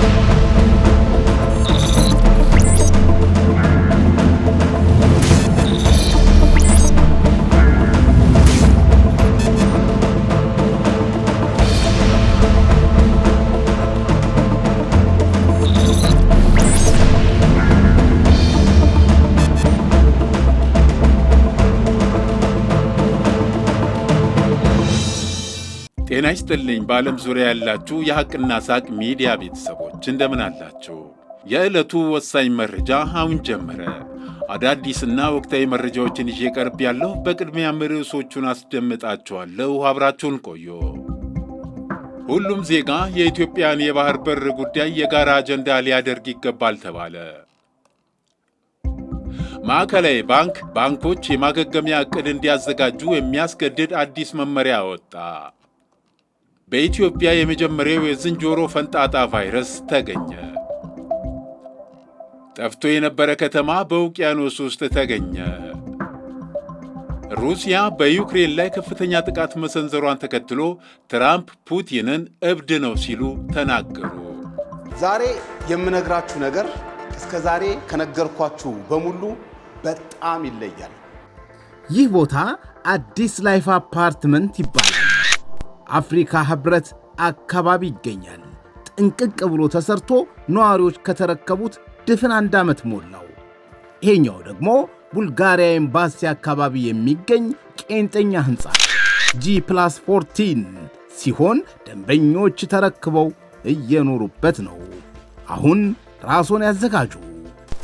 Thank you. ጤና ይስጥልኝ በዓለም ዙሪያ ያላችሁ የሐቅና ሳቅ ሚዲያ ቤተሰቦች እንደምን አላችሁ? የዕለቱ ወሳኝ መረጃ አሁን ጀመረ። አዳዲስና ወቅታዊ መረጃዎችን ይዤ ቀርብ ያለሁ። በቅድሚያም ርዕሶቹን አስደምጣችኋለሁ። አብራችሁን ቆዩ። ሁሉም ዜጋ የኢትዮጵያን የባህር በር ጉዳይ የጋራ አጀንዳ ሊያደርግ ይገባል ተባለ። ማዕከላዊ ባንክ ባንኮች የማገገሚያ ዕቅድ እንዲያዘጋጁ የሚያስገድድ አዲስ መመሪያ ወጣ። በኢትዮጵያ የመጀመሪያው የዝንጀሮ ፈንጣጣ ቫይረስ ተገኘ። ጠፍቶ የነበረ ከተማ በውቅያኖስ ውስጥ ተገኘ። ሩሲያ በዩክሬን ላይ ከፍተኛ ጥቃት መሰንዘሯን ተከትሎ ትራምፕ ፑቲንን እብድ ነው ሲሉ ተናገሩ። ዛሬ የምነግራችሁ ነገር እስከ ዛሬ ከነገርኳችሁ በሙሉ በጣም ይለያል። ይህ ቦታ አዲስ ላይፍ አፓርትመንት ይባላል። አፍሪካ ኅብረት አካባቢ ይገኛል። ጥንቅቅ ብሎ ተሰርቶ ነዋሪዎች ከተረከቡት ድፍን አንድ ዓመት ሞላው። ይሄኛው ደግሞ ቡልጋሪያ ኤምባሲ አካባቢ የሚገኝ ቄንጠኛ ሕንፃ ጂ ፕላስ 14 ሲሆን ደንበኞች ተረክበው እየኖሩበት ነው። አሁን ራስዎን ያዘጋጁ።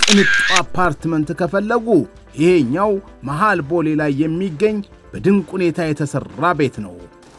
ቅንጡ አፓርትመንት ከፈለጉ ይሄኛው መሃል ቦሌ ላይ የሚገኝ በድንቅ ሁኔታ የተሠራ ቤት ነው።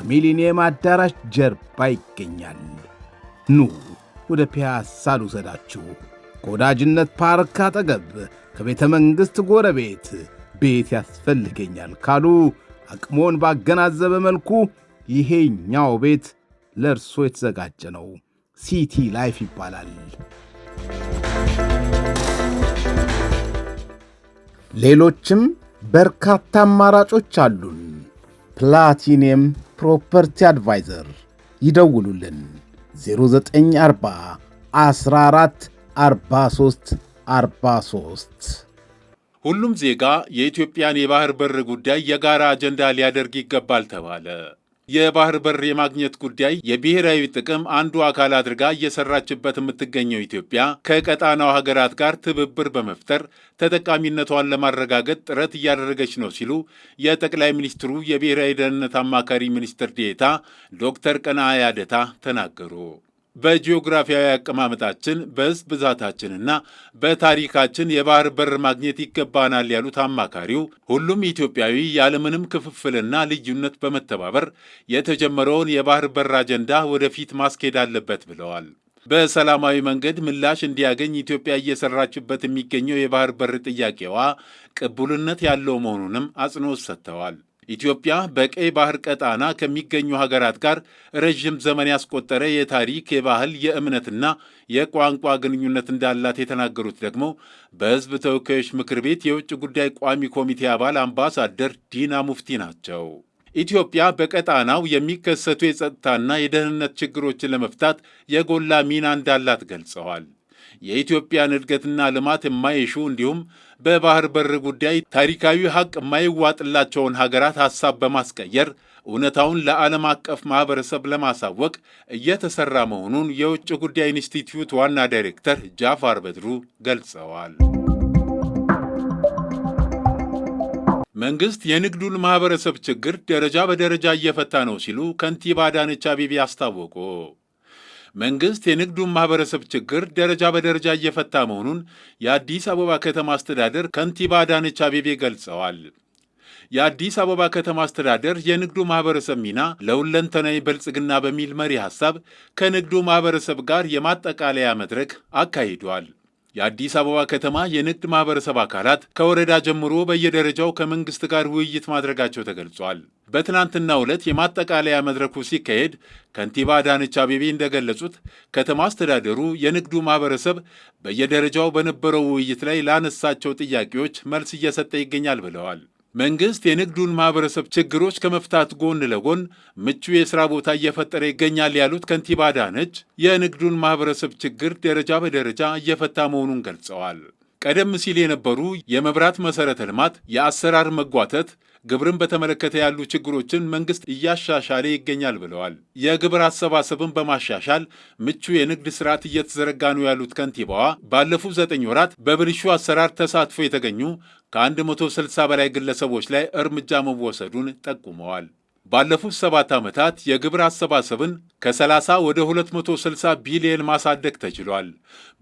ከሚሊኒየም አዳራሽ ጀርባ ይገኛል። ኑ ወደ ፒያሳ ልውሰዳችሁ። ከወዳጅነት ፓርክ አጠገብ ከቤተ መንግሥት ጎረቤት ቤት ያስፈልገኛል ካሉ አቅሞን ባገናዘበ መልኩ ይሄኛው ቤት ለእርሶ የተዘጋጀ ነው። ሲቲ ላይፍ ይባላል። ሌሎችም በርካታ አማራጮች አሉን። ፕላቲኒየም ፕሮፐርቲ አድቫይዘር ይደውሉልን 0940 14 43 43 ሁሉም ዜጋ የኢትዮጵያን የባህር በር ጉዳይ የጋራ አጀንዳ ሊያደርግ ይገባል ተባለ። የባህር በር የማግኘት ጉዳይ የብሔራዊ ጥቅም አንዱ አካል አድርጋ እየሰራችበት የምትገኘው ኢትዮጵያ ከቀጣናው ሀገራት ጋር ትብብር በመፍጠር ተጠቃሚነቷን ለማረጋገጥ ጥረት እያደረገች ነው ሲሉ የጠቅላይ ሚኒስትሩ የብሔራዊ ደህንነት አማካሪ ሚኒስትር ዴኤታ ዶክተር ቀነዓ ያደታ ተናገሩ። በጂኦግራፊያዊ አቀማመጣችን በስ ብዛታችንና በታሪካችን የባህር በር ማግኘት ይገባናል ያሉት አማካሪው ሁሉም ኢትዮጵያዊ ያለምንም ክፍፍልና ልዩነት በመተባበር የተጀመረውን የባህር በር አጀንዳ ወደፊት ማስኬድ አለበት ብለዋል። በሰላማዊ መንገድ ምላሽ እንዲያገኝ ኢትዮጵያ እየሰራችበት የሚገኘው የባህር በር ጥያቄዋ ቅቡልነት ያለው መሆኑንም አጽንኦት ሰጥተዋል። ኢትዮጵያ በቀይ ባህር ቀጣና ከሚገኙ ሀገራት ጋር ረዥም ዘመን ያስቆጠረ የታሪክ የባህል፣ የእምነትና የቋንቋ ግንኙነት እንዳላት የተናገሩት ደግሞ በሕዝብ ተወካዮች ምክር ቤት የውጭ ጉዳይ ቋሚ ኮሚቴ አባል አምባሳደር ዲና ሙፍቲ ናቸው። ኢትዮጵያ በቀጣናው የሚከሰቱ የጸጥታና የደህንነት ችግሮችን ለመፍታት የጎላ ሚና እንዳላት ገልጸዋል። የኢትዮጵያን እድገትና ልማት የማይሹ እንዲሁም በባህር በር ጉዳይ ታሪካዊ ሀቅ የማይዋጥላቸውን ሀገራት ሀሳብ በማስቀየር እውነታውን ለዓለም አቀፍ ማህበረሰብ ለማሳወቅ እየተሰራ መሆኑን የውጭ ጉዳይ ኢንስቲትዩት ዋና ዳይሬክተር ጃፋር በድሩ ገልጸዋል። መንግስት የንግዱን ማህበረሰብ ችግር ደረጃ በደረጃ እየፈታ ነው ሲሉ ከንቲባ አዳነች አቤቤ አስታወቁ። መንግስት የንግዱን ማህበረሰብ ችግር ደረጃ በደረጃ እየፈታ መሆኑን የአዲስ አበባ ከተማ አስተዳደር ከንቲባ አዳነች አቤቤ ገልጸዋል። የአዲስ አበባ ከተማ አስተዳደር የንግዱ ማህበረሰብ ሚና ለሁለንተናዊ ብልጽግና በሚል መሪ ሐሳብ ከንግዱ ማህበረሰብ ጋር የማጠቃለያ መድረክ አካሂዷል። የአዲስ አበባ ከተማ የንግድ ማህበረሰብ አካላት ከወረዳ ጀምሮ በየደረጃው ከመንግስት ጋር ውይይት ማድረጋቸው ተገልጿል። በትናንትናው ዕለት የማጠቃለያ መድረኩ ሲካሄድ ከንቲባ አዳነች አቤቤ እንደገለጹት ከተማ አስተዳደሩ የንግዱ ማህበረሰብ በየደረጃው በነበረው ውይይት ላይ ላነሳቸው ጥያቄዎች መልስ እየሰጠ ይገኛል ብለዋል። መንግስት የንግዱን ማህበረሰብ ችግሮች ከመፍታት ጎን ለጎን ምቹ የሥራ ቦታ እየፈጠረ ይገኛል ያሉት ከንቲባ አዳነች የንግዱን ማህበረሰብ ችግር ደረጃ በደረጃ እየፈታ መሆኑን ገልጸዋል። ቀደም ሲል የነበሩ የመብራት መሠረተ ልማት፣ የአሰራር መጓተት፣ ግብርን በተመለከተ ያሉ ችግሮችን መንግስት እያሻሻለ ይገኛል ብለዋል። የግብር አሰባሰብን በማሻሻል ምቹ የንግድ ስርዓት እየተዘረጋ ነው ያሉት ከንቲባዋ ባለፉት ዘጠኝ ወራት በብልሹ አሰራር ተሳትፎ የተገኙ ከ160 በላይ ግለሰቦች ላይ እርምጃ መወሰዱን ጠቁመዋል። ባለፉት ሰባት ዓመታት የግብር አሰባሰብን ከ30 ወደ 260 ቢሊየን ማሳደግ ተችሏል።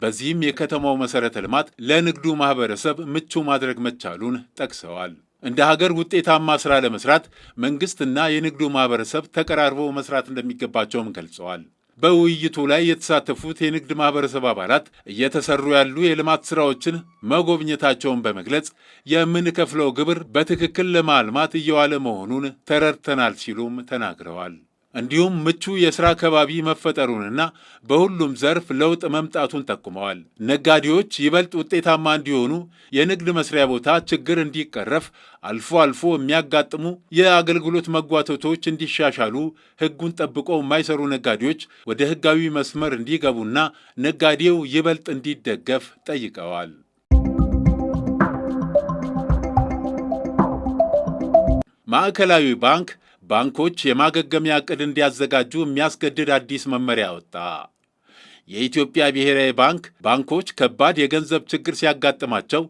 በዚህም የከተማው መሠረተ ልማት ለንግዱ ማኅበረሰብ ምቹ ማድረግ መቻሉን ጠቅሰዋል። እንደ ሀገር ውጤታማ ስራ ለመስራት መንግስትና የንግዱ ማህበረሰብ ተቀራርበው መስራት እንደሚገባቸውም ገልጸዋል። በውይይቱ ላይ የተሳተፉት የንግድ ማህበረሰብ አባላት እየተሰሩ ያሉ የልማት ስራዎችን መጎብኘታቸውን በመግለጽ የምንከፍለው ግብር በትክክል ለማልማት እየዋለ መሆኑን ተረድተናል ሲሉም ተናግረዋል። እንዲሁም ምቹ የሥራ ከባቢ መፈጠሩንና በሁሉም ዘርፍ ለውጥ መምጣቱን ጠቁመዋል። ነጋዴዎች ይበልጥ ውጤታማ እንዲሆኑ የንግድ መስሪያ ቦታ ችግር እንዲቀረፍ፣ አልፎ አልፎ የሚያጋጥሙ የአገልግሎት መጓተቶች እንዲሻሻሉ፣ ሕጉን ጠብቀው የማይሰሩ ነጋዴዎች ወደ ሕጋዊ መስመር እንዲገቡና ነጋዴው ይበልጥ እንዲደገፍ ጠይቀዋል። ማዕከላዊ ባንክ ባንኮች የማገገሚያ ዕቅድ እንዲያዘጋጁ የሚያስገድድ አዲስ መመሪያ ወጣ። የኢትዮጵያ ብሔራዊ ባንክ ባንኮች ከባድ የገንዘብ ችግር ሲያጋጥማቸው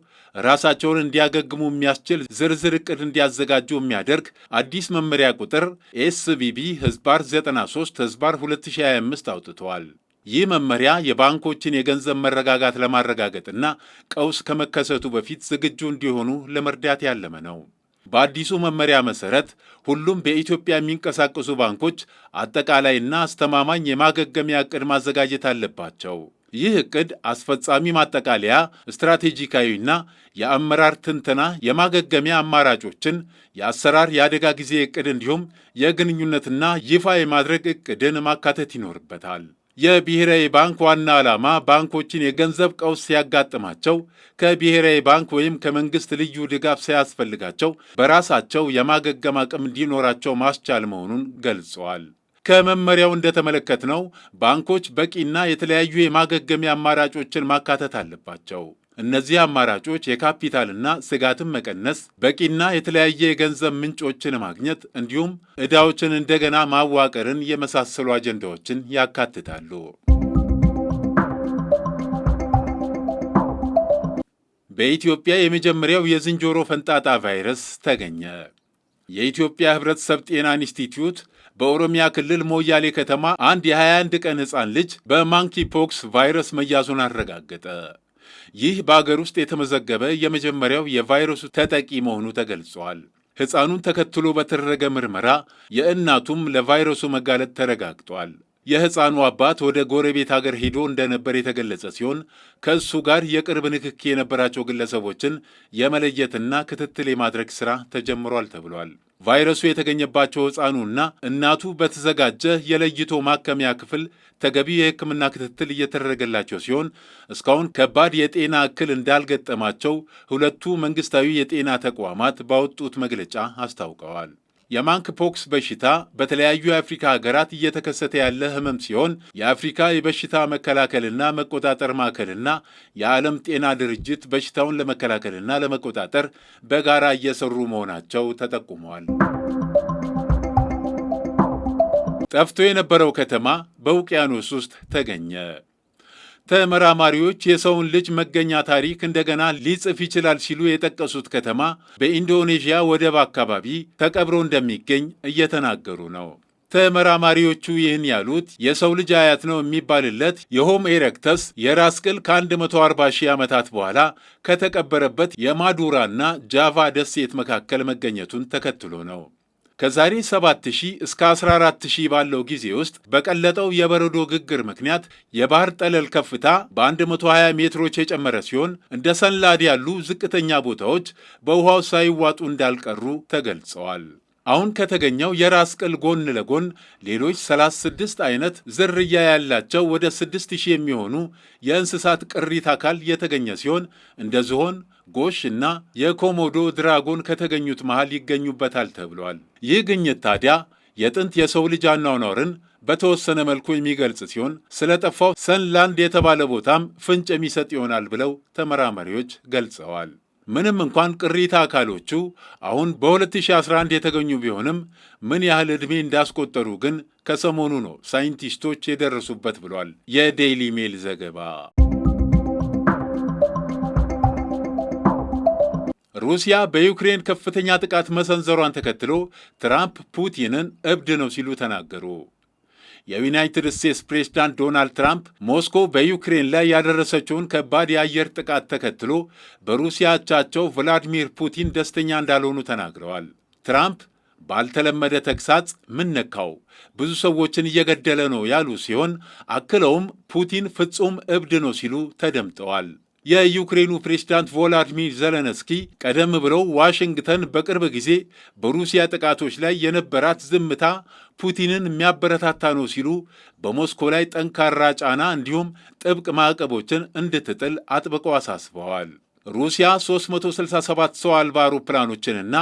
ራሳቸውን እንዲያገግሙ የሚያስችል ዝርዝር ዕቅድ እንዲያዘጋጁ የሚያደርግ አዲስ መመሪያ ቁጥር ኤስቢቢ ህዝባር 93 ህዝባር 2025 አውጥተዋል። ይህ መመሪያ የባንኮችን የገንዘብ መረጋጋት ለማረጋገጥና ቀውስ ከመከሰቱ በፊት ዝግጁ እንዲሆኑ ለመርዳት ያለመ ነው። በአዲሱ መመሪያ መሰረት ሁሉም በኢትዮጵያ የሚንቀሳቀሱ ባንኮች አጠቃላይና አስተማማኝ የማገገሚያ እቅድ ማዘጋጀት አለባቸው። ይህ እቅድ አስፈጻሚ ማጠቃለያ፣ ስትራቴጂካዊና የአመራር ትንተና፣ የማገገሚያ አማራጮችን፣ የአሰራር የአደጋ ጊዜ እቅድ እንዲሁም የግንኙነትና ይፋ የማድረግ እቅድን ማካተት ይኖርበታል። የብሔራዊ ባንክ ዋና ዓላማ ባንኮችን የገንዘብ ቀውስ ሲያጋጥማቸው ከብሔራዊ ባንክ ወይም ከመንግስት ልዩ ድጋፍ ሳያስፈልጋቸው በራሳቸው የማገገም አቅም እንዲኖራቸው ማስቻል መሆኑን ገልጸዋል። ከመመሪያው እንደተመለከትነው ባንኮች በቂና የተለያዩ የማገገሚያ አማራጮችን ማካተት አለባቸው። እነዚህ አማራጮች የካፒታልና ስጋትን መቀነስ፣ በቂና የተለያየ የገንዘብ ምንጮችን ማግኘት እንዲሁም ዕዳዎችን እንደገና ማዋቀርን የመሳሰሉ አጀንዳዎችን ያካትታሉ። በኢትዮጵያ የመጀመሪያው የዝንጀሮ ፈንጣጣ ቫይረስ ተገኘ። የኢትዮጵያ ሕብረተሰብ ጤና ኢንስቲትዩት በኦሮሚያ ክልል ሞያሌ ከተማ አንድ የ21 ቀን ሕፃን ልጅ በማንኪ ፖክስ ቫይረስ መያዙን አረጋገጠ። ይህ በአገር ውስጥ የተመዘገበ የመጀመሪያው የቫይረሱ ተጠቂ መሆኑ ተገልጿል። ሕፃኑን ተከትሎ በተደረገ ምርመራ የእናቱም ለቫይረሱ መጋለጥ ተረጋግጧል። የሕፃኑ አባት ወደ ጎረቤት አገር ሄዶ እንደነበር የተገለጸ ሲሆን ከእሱ ጋር የቅርብ ንክኪ የነበራቸው ግለሰቦችን የመለየትና ክትትል የማድረግ ሥራ ተጀምሯል ተብሏል። ቫይረሱ የተገኘባቸው ሕፃኑና እናቱ በተዘጋጀ የለይቶ ማከሚያ ክፍል ተገቢ የሕክምና ክትትል እየተደረገላቸው ሲሆን እስካሁን ከባድ የጤና እክል እንዳልገጠማቸው ሁለቱ መንግስታዊ የጤና ተቋማት ባወጡት መግለጫ አስታውቀዋል። የማንክ ፖክስ በሽታ በተለያዩ የአፍሪካ ሀገራት እየተከሰተ ያለ ህመም ሲሆን የአፍሪካ የበሽታ መከላከልና መቆጣጠር ማዕከልና የዓለም ጤና ድርጅት በሽታውን ለመከላከልና ለመቆጣጠር በጋራ እየሰሩ መሆናቸው ተጠቁመዋል። ጠፍቶ የነበረው ከተማ በውቅያኖስ ውስጥ ተገኘ። ተመራማሪዎች የሰውን ልጅ መገኛ ታሪክ እንደገና ሊጽፍ ይችላል ሲሉ የጠቀሱት ከተማ በኢንዶኔዥያ ወደብ አካባቢ ተቀብሮ እንደሚገኝ እየተናገሩ ነው። ተመራማሪዎቹ ይህን ያሉት የሰው ልጅ አያት ነው የሚባልለት የሆም ኤረክተስ የራስ ቅል ከ140 ሺህ ዓመታት በኋላ ከተቀበረበት የማዱራና ጃቫ ደሴት መካከል መገኘቱን ተከትሎ ነው። ከዛሬ 7000 እስከ 14000 ባለው ጊዜ ውስጥ በቀለጠው የበረዶ ግግር ምክንያት የባህር ጠለል ከፍታ በ120 ሜትሮች የጨመረ ሲሆን እንደ ሰንላድ ያሉ ዝቅተኛ ቦታዎች በውሃው ሳይዋጡ እንዳልቀሩ ተገልጸዋል። አሁን ከተገኘው የራስ ቅል ጎን ለጎን ሌሎች 36 አይነት ዝርያ ያላቸው ወደ 6000 የሚሆኑ የእንስሳት ቅሪት አካል የተገኘ ሲሆን እንደ ዝሆን ጎሽ እና የኮሞዶ ድራጎን ከተገኙት መሃል ይገኙበታል ተብሏል። ይህ ግኝት ታዲያ የጥንት የሰው ልጅ አኗኗርን በተወሰነ መልኩ የሚገልጽ ሲሆን ስለ ጠፋው ሰንላንድ የተባለ ቦታም ፍንጭ የሚሰጥ ይሆናል ብለው ተመራማሪዎች ገልጸዋል። ምንም እንኳን ቅሪተ አካሎቹ አሁን በ2011 የተገኙ ቢሆንም ምን ያህል ዕድሜ እንዳስቆጠሩ ግን ከሰሞኑ ነው ሳይንቲስቶች የደረሱበት ብሏል የዴይሊ ሜል ዘገባ። ሩሲያ በዩክሬን ከፍተኛ ጥቃት መሰንዘሯን ተከትሎ ትራምፕ ፑቲንን እብድ ነው ሲሉ ተናገሩ። የዩናይትድ ስቴትስ ፕሬዝዳንት ዶናልድ ትራምፕ ሞስኮ በዩክሬን ላይ ያደረሰችውን ከባድ የአየር ጥቃት ተከትሎ በሩሲያ አቻቸው ቭላዲሚር ፑቲን ደስተኛ እንዳልሆኑ ተናግረዋል። ትራምፕ ባልተለመደ ተግሳጽ ምን ነካው ብዙ ሰዎችን እየገደለ ነው ያሉ ሲሆን አክለውም ፑቲን ፍጹም እብድ ነው ሲሉ ተደምጠዋል። የዩክሬኑ ፕሬዝዳንት ቮላዲሚር ዘለንስኪ ቀደም ብለው ዋሽንግተን በቅርብ ጊዜ በሩሲያ ጥቃቶች ላይ የነበራት ዝምታ ፑቲንን የሚያበረታታ ነው ሲሉ በሞስኮ ላይ ጠንካራ ጫና እንዲሁም ጥብቅ ማዕቀቦችን እንድትጥል አጥብቀው አሳስበዋል። ሩሲያ 367 ሰው አልባ አውሮፕላኖችንና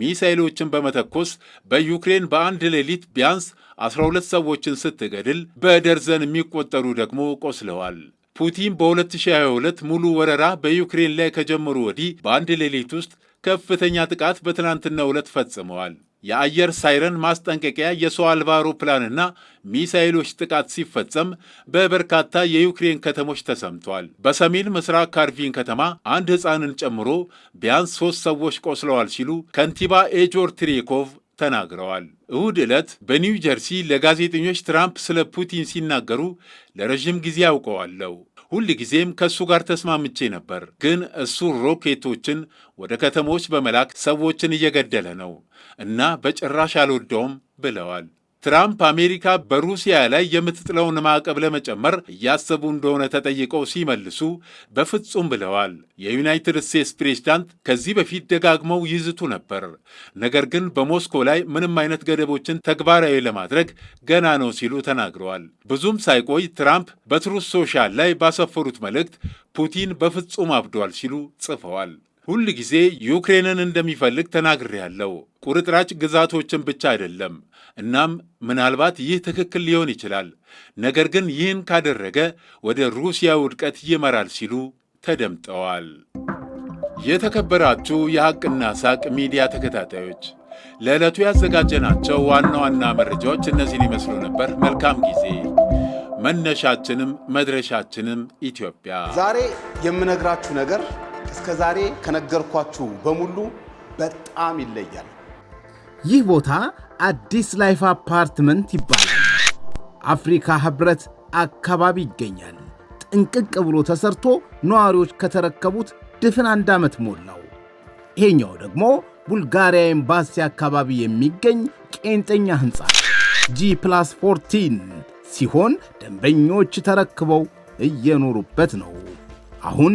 ሚሳይሎችን በመተኮስ በዩክሬን በአንድ ሌሊት ቢያንስ 12 ሰዎችን ስትገድል በደርዘን የሚቆጠሩ ደግሞ ቆስለዋል። ፑቲን በ2022 ሙሉ ወረራ በዩክሬን ላይ ከጀመሩ ወዲህ በአንድ ሌሊት ውስጥ ከፍተኛ ጥቃት በትናንትናው ዕለት ፈጽመዋል። የአየር ሳይረን ማስጠንቀቂያ፣ የሰው አልባ አውሮፕላንና ሚሳይሎች ጥቃት ሲፈጸም በበርካታ የዩክሬን ከተሞች ተሰምተዋል። በሰሜን ምስራቅ ካርቪን ከተማ አንድ ሕፃንን ጨምሮ ቢያንስ ሦስት ሰዎች ቆስለዋል ሲሉ ከንቲባ ኤጆር ትሬኮቭ ተናግረዋል። እሁድ ዕለት በኒው ጀርሲ ለጋዜጠኞች ትራምፕ ስለ ፑቲን ሲናገሩ ለረዥም ጊዜ አውቀዋለሁ፣ ሁል ጊዜም ከእሱ ጋር ተስማምቼ ነበር። ግን እሱ ሮኬቶችን ወደ ከተሞች በመላክ ሰዎችን እየገደለ ነው እና በጭራሽ አልወደውም ብለዋል። ትራምፕ አሜሪካ በሩሲያ ላይ የምትጥለውን ማዕቀብ ለመጨመር እያሰቡ እንደሆነ ተጠይቀው ሲመልሱ በፍጹም ብለዋል። የዩናይትድ ስቴትስ ፕሬዝዳንት ከዚህ በፊት ደጋግመው ይዝቱ ነበር፣ ነገር ግን በሞስኮ ላይ ምንም አይነት ገደቦችን ተግባራዊ ለማድረግ ገና ነው ሲሉ ተናግረዋል። ብዙም ሳይቆይ ትራምፕ በትሩስ ሶሻል ላይ ባሰፈሩት መልእክት ፑቲን በፍጹም አብዷል ሲሉ ጽፈዋል። ሁል ጊዜ ዩክሬንን እንደሚፈልግ ተናግሬያለሁ። ቁርጥራጭ ግዛቶችን ብቻ አይደለም። እናም ምናልባት ይህ ትክክል ሊሆን ይችላል፣ ነገር ግን ይህን ካደረገ ወደ ሩሲያ ውድቀት ይመራል ሲሉ ተደምጠዋል። የተከበራችሁ የሐቅና ሳቅ ሚዲያ ተከታታዮች ለዕለቱ ያዘጋጀናቸው ዋና ዋና መረጃዎች እነዚህን ይመስሉ ነበር። መልካም ጊዜ። መነሻችንም መድረሻችንም ኢትዮጵያ። ዛሬ የምነግራችሁ ነገር እስከ ዛሬ ከነገርኳችሁ በሙሉ በጣም ይለያል። ይህ ቦታ አዲስ ላይፍ አፓርትመንት ይባላል። አፍሪካ ህብረት አካባቢ ይገኛል። ጥንቅቅ ብሎ ተሰርቶ ነዋሪዎች ከተረከቡት ድፍን አንድ ዓመት ሞላው። ይሄኛው ደግሞ ቡልጋሪያ ኤምባሲ አካባቢ የሚገኝ ቄንጠኛ ሕንፃ ጂ ፕላስ 14 ሲሆን ደንበኞች ተረክበው እየኖሩበት ነው አሁን